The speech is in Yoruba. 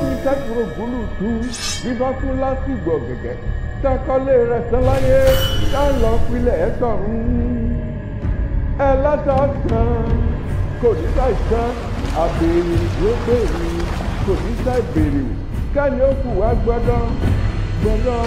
fi sẹ́kùrò gúlù tú bíbá tún lásìgbò gẹ̀gẹ́ tẹ́kọ́lé rẹ̀ sẹ́láyé tá lọ pilẹ̀ ẹ̀ sọ̀rùn ẹ látàkàn kò ní sàìsàn àbèrè ló bèrè kò ní sàìbèrè kẹ́ni ó kù wá gbọ́dọ̀ gbọ́dọ̀.